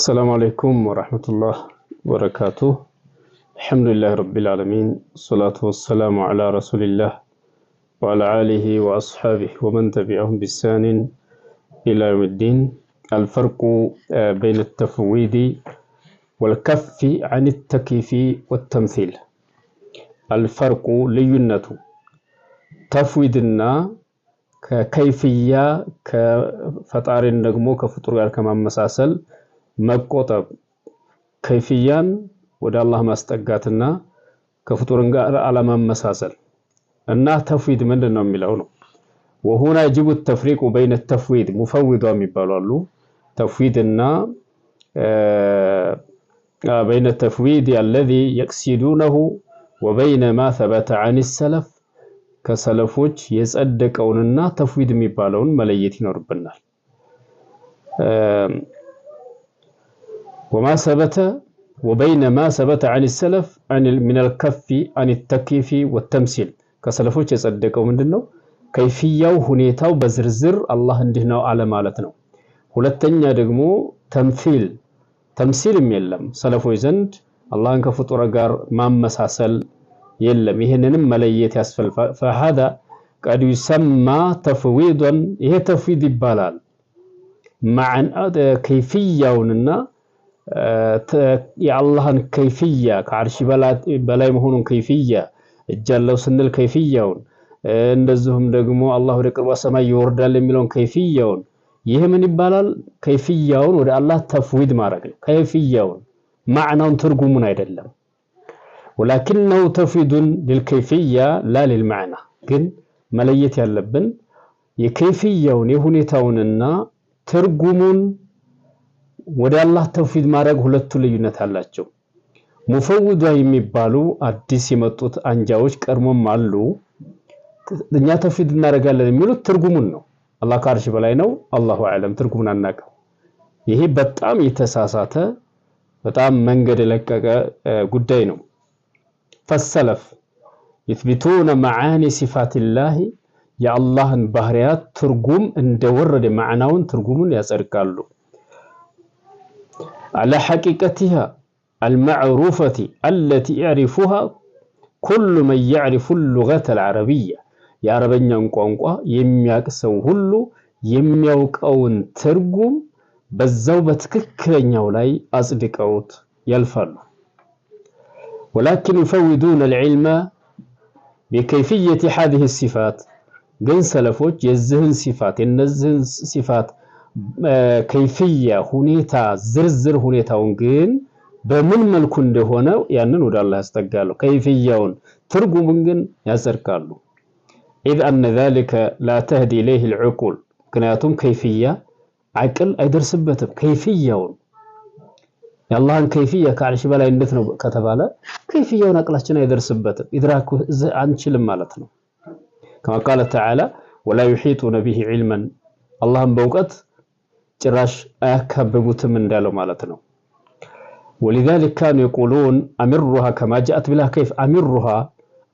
السلام عليكم ورحمة الله وبركاته الحمد لله رب العالمين الصلاة والسلام على رسول الله وعلى آله وأصحابه ومن تبعهم بإحسان إلى يوم الدين الفرق آه، بين التفويض والكف عن التكييف والتمثيل الفرق ልዩነቱ ተፍዊድና ከከይፍያ كفطار ደግሞ كفطور ጋር مساسل መቆጠብ ከይፍያን ወደ አላህ ማስጠጋትና ከፍጡርን ጋር አለማመሳሰል እና ተፍዊድ ምንድን ነው የሚለው ነው። ወሁና የጅቡ ተፍሪቁ በይነ ተፍዊድ ሙፈዊዷ የሚባሉ አሉ። ተፍዊድ እና በይነ ተፍዊድ አለዚ የቅሲዱነሁ ወበይነ ማ ሰበተ አን ሰለፍ ከሰለፎች የጸደቀውንና ተፍዊድ የሚባለውን መለየት ይኖርብናል። ወማ ሰበተ ወበይነ ማ ሰበተ አን ሰለፍ ሚነል ከፊ አን ተክይፊ ወተምሲል ከሰለፎች የጸደቀው ምንድን ነው? ከይፍያው ሁኔታው በዝርዝር አላህ እንዲህ ነው አለ ማለት ነው። ሁለተኛ ደግሞ ተምሲል ተምሲልም የለም ሰለፎች ዘንድ አላህን ከፍጡረ ጋር ማመሳሰል የለም። ይህንንም መለየት ያስፈል ፈሃዳ ቀድ ዩሰማ ተፍዊዶን ይሄ ተፍዊድ ይባላል። ከይፍያውንና የአላህን ከይፍያ ከአርሽ በላይ መሆኑን ከይፍያ እጅ አለው ስንል ከይፍያውን እንደዚሁም ደግሞ አላህ ወደ ቅርቧ ሰማይ ይወርዳል የሚለውን ከይፍያውን ይህ ምን ይባላል? ከይፍያውን ወደ አላህ ተፍዊድ ማድረግ ነው። ከይፍያውን ማዕናውን ትርጉሙን አይደለም። ወላኪነው ተፍዊዱን ልልከይፍያ ላ ልልማዕና። ግን መለየት ያለብን የከይፍያውን የሁኔታውንና ትርጉሙን ወደ አላህ ተውፊድ ማድረግ ሁለቱ ልዩነት አላቸው። ሙፈውዷ የሚባሉ አዲስ የመጡት አንጃዎች ቀድሞም አሉ። እኛ ተውፊድ እናደርጋለን የሚሉት ትርጉሙን ነው። አላህ ከአርሽ በላይ ነው። አላሁ አለም ትርጉሙን አናውቅም። ይሄ በጣም የተሳሳተ በጣም መንገድ የለቀቀ ጉዳይ ነው። ፈሰለፍ ዩትቢቱነ መዓኒ ሲፋቲላሂ የአላህን ባህሪያት ትርጉም እንደወረደ ማዕናውን ትርጉሙን ያጸድቃሉ። على حقيقتها المعروفة التي يعرفها كل من يعرف اللغة العربية يا رب نقوانقوا يميك سوهلو يميك أون ترقوم بزوبة ككرن يولاي أصدق أوت ولكن يفودون العلم بكيفية هذه الصفات جن سلفوت يزهن صفات النزهن صفات ከይፍያ ሁኔታ ዝርዝር ሁኔታውን ግን በምን መልኩ እንደሆነ ያንን ወደ አላህ ያስጠጋለሁ ከይፍያውን ትርጉሙን ግን ያጸድቃሉ። ኢዝ አነ ዛሊከ ላ ተህዲ ኢለይህ ልዕቁል ምክንያቱም ከይፍያ አቅል አይደርስበትም። ከይፍያውን የአላህን ከይፍያ ከአርሽ በላይ እንዴት ነው ከተባለ ከይፍያውን አቅላችን አይደርስበትም። ኢድራክ አንችልም ማለት ነው። ከማ ቃለ ተዓላ ወላ ዩሒጡነ ቢሂ ዒልመን አላህም በእውቀት ጭራሽ አያካብቡትም እንዳለው ማለት ነው። ወሊዛሊክ ካኑ የቁሉን አሚሩሃ ከማጃአት ብላ ከይፍ አሚሩሃ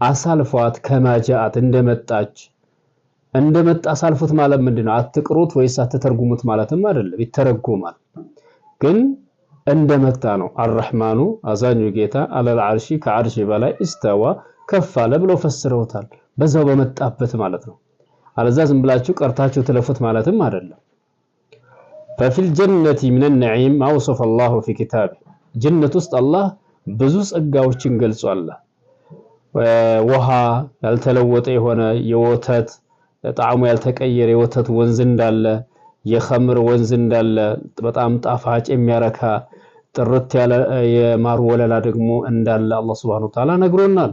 አሳልፏት ከማጃአት እንደመጣች እንደመጣ አሳልፉት ማለት ምንድን ነው? አትቅሩት ወይስ አትተርጉሙት ማለትም አይደለም። ይተረጎማል ግን እንደመጣ ነው። አረሕማኑ አዛኙ ጌታ አለል ዓርሺ ከዓርሺ በላይ እስተዋ ከፍ አለ ብለው ፈስረውታል። በዛው በመጣበት ማለት ነው። አለዛ ዝም ብላችሁ ቀርታችሁ ትለፉት ማለትም አይደለም። ፈፊል ጀነቲ ሚነ ነዒም አውሶፈ አላሁ ፊ ኪታብ ጀነት ውስጥ አላህ ብዙ ጸጋዎችን ገልጿል። ውሃ ያልተለወጠ የሆነ የወተት ጣዕሙ ያልተቀየረ የወተት ወንዝ እንዳለ፣ የኸምር ወንዝ እንዳለ በጣም ጣፋጭ የሚያረካ ጥርት ያለ የማር ወለላ ደግሞ እንዳለ አላህ ሱብሓነሁ ወተዓላ ነግሮናል።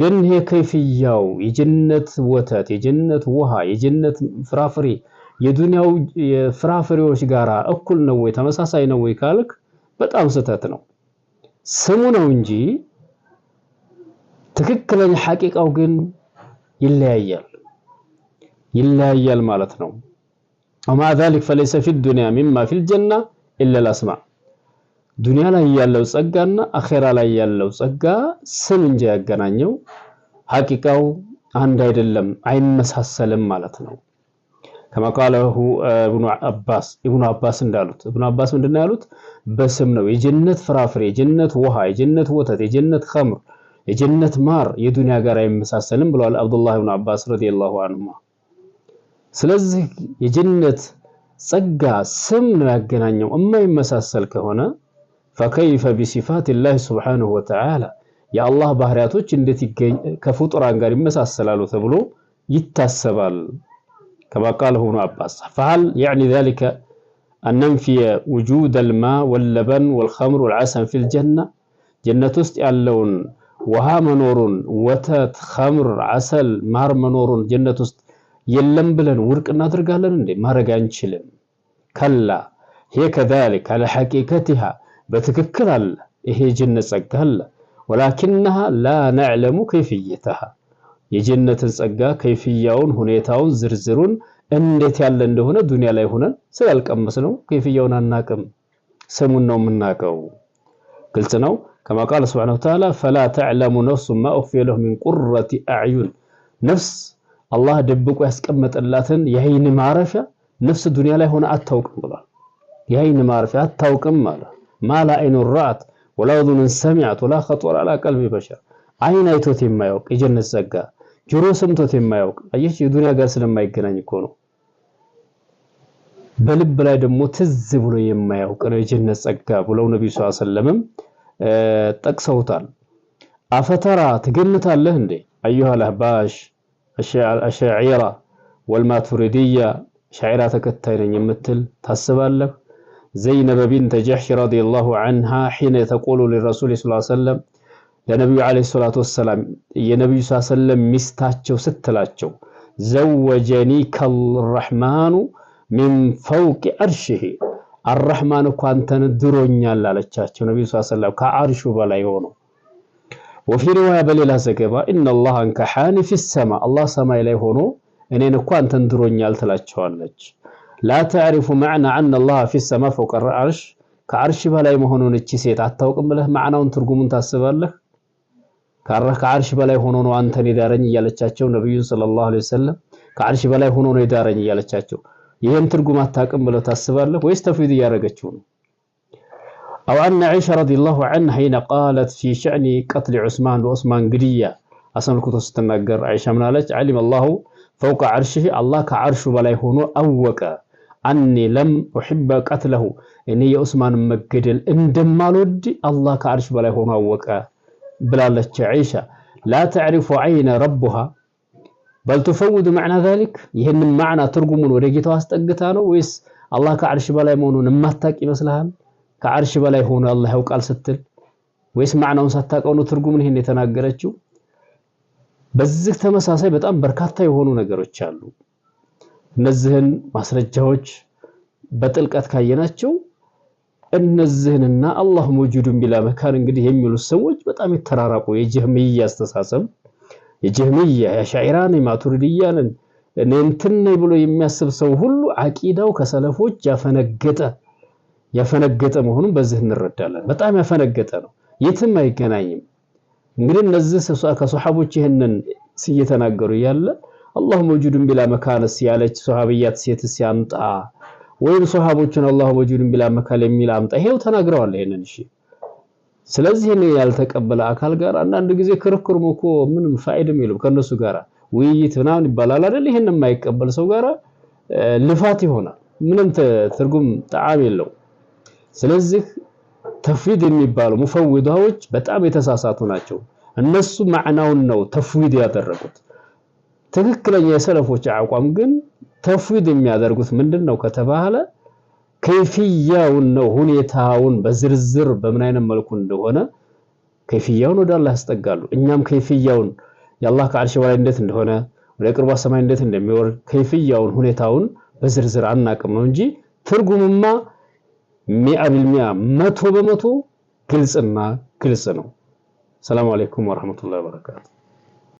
ግን ይሄ ከይፍያው የጀነት ወተት፣ የጀነት ውሃ፣ የጀነት ፍራፍሬ የዱንያው የፍራፍሬዎች ጋራ እኩል ነው ወይ ተመሳሳይ ነው ወይ ካልክ በጣም ስህተት ነው። ስሙ ነው እንጂ ትክክለኛ ሐቂቃው ግን ይለያያል ይለያያል ማለት ነው። ወማ ዛሊክ ፈለይሰ ፊ ዱንያ ሚማ ፊል ጀና ኢለል አስማ። ዱንያ ላይ ያለው ጸጋና አኼራ ላይ ያለው ጸጋ ስም እንጂ ያገናኘው ሐቂቃው አንድ አይደለም፣ አይመሳሰልም ማለት ነው። ከመቃለሁ አባስ ኢብኑ አባስ እንዳሉት ኢብኑ አባስ ምንድን ነው ያሉት? በስም ነው የጀነት ፍራፍሬ፣ የጀነት ውሃ፣ የጀነት ወተት፣ የጀነት ኸምር፣ የጀነት ማር የዱንያ ጋር አይመሳሰልም ብለዋል አብዱላህ ኢብኑ አባስ ረዲየላሁ አንሁማ። ስለዚህ የጀነት ጸጋ ስም ነው ያገናኘው የማይመሳሰል ከሆነ ፈከይፈ ቢሲፋቲላህ ሱብሓነሁ ወተዓላ የአላህ ባህሪያቶች እንዴት ከፍጡራን ጋር ይመሳሰላሉ ተብሎ ይታሰባል። كما قال هنا عباس فهل يعني ذلك أن ننفي وجود الماء واللبن والخمر والعسل في الجنة جنة تستي اللون وها منور وتات خمر عسل مار منور جنة تست يلم بلن ورق نادر قالن ما رقان شلن كلا هي كذلك على حقيقتها بتككل الله هي جنة سكال ولكنها لا نعلم كيفيتها የጀነትን ጸጋ ከይፍያውን፣ ሁኔታውን፣ ዝርዝሩን እንዴት ያለ እንደሆነ ዱንያ ላይ ሆነን ስላልቀመስ ነው ከይፍያውን አናቅም። ስሙን ነው የምናቀው። ግልጽ ነው። ከማ ቃለ ስብሐነሁ ወተዓላ ፈላ ተዕለሙ ነፍሱ ማ ኡኽፊየ ለሁም ሚን ቁረቲ አዕዩን። ነፍስ አላህ ደብቆ ያስቀመጠላትን የአይን ማረፊያ ነፍስ ዱንያ ላይ ሆነ አታውቅም ብሏል። የአይን ማረፊያ አታውቅም ማለት ማላ አይኑ ረአት ወላ እዙኑን ሰሚዐት ወላ ኸጠረ ዐላ ቀልቢ በሸር አይን አይቶት የማያውቅ የጀነት ጸጋ ጆሮ ሰምቶት የማያውቅ አየሽ፣ የዱንያ ጋር ስለማይገናኝ እኮ ነው። በልብ ላይ ደግሞ ትዝ ብሎ የማያውቅ ነው የጀነት ጸጋ ብለው ነብዩ ሰለላሁ ዐለይሂ ወሰለም ጠቅሰውታል። አፈተራ ትገምታለህ እንዴ አዩሃ ለህባሽ አሻዒራ ወልማቱሪድያ ሻዒራ ተከታይ ነኝ የምትል ታስባለህ? ዘይነብ ቢንተ ጀሕሽ ረዲየላሁ ዐንሃ ሒነ ተቆሉ ሊረሱል ሰለላሁ ዐለይሂ ወሰለም ለነቢዩ ዓለይሂ ሰላቱ ወሰላም የነቢዩ ሰለም ሚስታቸው ስትላቸው ዘወጀኒ ከረሕማኑ ሚን ፈውቂ አርሽህ አረሕማን እኮ አንተን ድሮኛል አለቻቸው። ነቢዩ ሰለም ከአርሹ በላይ ሆኖ ወፊ ሪዋያ በሌላ ዘገባ ኢነላህ አንካሓኒ ፊ ሰማ አላህ ሰማይ ላይ ሆኖ እኔን እኮ አንተን ድሮኛል ትላቸዋለች። ላ ተዕሪፉ መዕና አና ላህ ፊ ሰማ ፈውቀ አርሽ ከአርሽ በላይ መሆኑን እቺ ሴት አታውቅም ብለህ ማዕናውን ትርጉሙን ታስባለህ? ከአርሽ በላይ ሆኖ ነው አንተን የዳረኝ እያለቻቸው ነቢዩን ሰለላሁ ዐለይሂ ወሰለም ከአርሽ በላይ ሆኖ ነው የዳረኝ እያለቻቸው ይህን ትርጉም አታውቅም ብለው ታስባለህ ወይስ ተፍዊድ እያደረገችው ነው? አው አን ዐኢሻ ረዲየላሁ ዐንሃ ሒነ ቃለት ፊ ሸዕኒ ቀትሊ ዑስማን በዑስማን ግድያ አስመልክቶ ስትናገር ዐኢሻ ምን አለች? ዐሊመ አላሁ ፈውቀ ዐርሺሂ አላህ ከዐርሹ በላይ ሆኖ አወቀ አኒ ለም ኡሒበ ቀትለሁ እኔ የዑስማን መገደል እንደማልወድ አላህ ከዐርሽ በላይ ሆኖ አወቀ ብላለች ዒሻ ላ ተዕሪፉ ዓይነ ረቡሃ በልትፈውድ ማዕና ዛሊክ ይህንን ማዕና ትርጉሙን ወደ ጌታው አስጠግታ ነው ወይስ አላህ ከዓርሽ በላይ መሆኑን የማታቅ ይመስልሃል? ከዓርሽ በላይ ሆኖ አላህ ያውቃል ስትል ወይስ ማዕናውን ሳታቀው ትርጉሙን ይህን የተናገረችው? በዚህ ተመሳሳይ በጣም በርካታ የሆኑ ነገሮች አሉ። እነዚህን ማስረጃዎች በጥልቀት ካየናቸው እነዚህንና አላህ መውጁዱን ቢላ መካን እንግዲህ የሚሉት ሰዎች በጣም የተራራቁ የጀህምያ አስተሳሰብ የጀህምያ የአሻዒራን የማቱሪድያንን እንትን ነኝ ብሎ የሚያስብ ሰው ሁሉ አቂዳው ከሰለፎች ያፈነገጠ ያፈነገጠ መሆኑን በዚህ እንረዳለን። በጣም ያፈነገጠ ነው፣ የትም አይገናኝም። እንግዲህ እነዚህ ከሶሐቦች ይህንን እየተናገሩ ያለ አላህ መውጁዱን ቢላ መካንስ ያለች ሶሐብያት ሴትስ ያምጣ ወይም ሶሃቦችን አላህ ወጂዱን ቢላ መካል የሚል አምጣ ይሄው ተናግረዋል። ይሄንን እሺ። ስለዚህ እኔ ያልተቀበለ አካል ጋር አንዳንድ ጊዜ ክርክር እኮ ምንም ፋይድም የለም። ከነሱ ጋር ውይይት ምናምን ይባላል አይደል? ይሄን የማይቀበል ሰው ጋር ልፋት ይሆናል። ምንም ትርጉም ጣዕም የለው። ስለዚህ ተፍዊድ የሚባሉ ሙፈውዳዎች በጣም የተሳሳቱ ናቸው። እነሱ ማዕናውን ነው ተፍዊድ ያደረጉት። ትክክለኛ የሰለፎች አቋም ግን ተፍዊድ የሚያደርጉት ምንድን ነው ከተባለ ከይፍያውን ነው ሁኔታውን በዝርዝር በምን አይነት መልኩ እንደሆነ ከይፍያውን ወደ አላህ ያስጠጋሉ። እኛም ከይፍያውን የአላህ ከአርሽ በላይ እንዴት እንደሆነ ወደ ቅርቧ ሰማይ እንዴት እንደሚወርድ ከይፍያውን ሁኔታውን በዝርዝር አናቅም ነው እንጂ ትርጉምማ ሚአ ቢልሚያ መቶ በመቶ ግልጽና ግልጽ ነው። ሰላም አለይኩም ወራህመቱላሂ ወበረካቱ።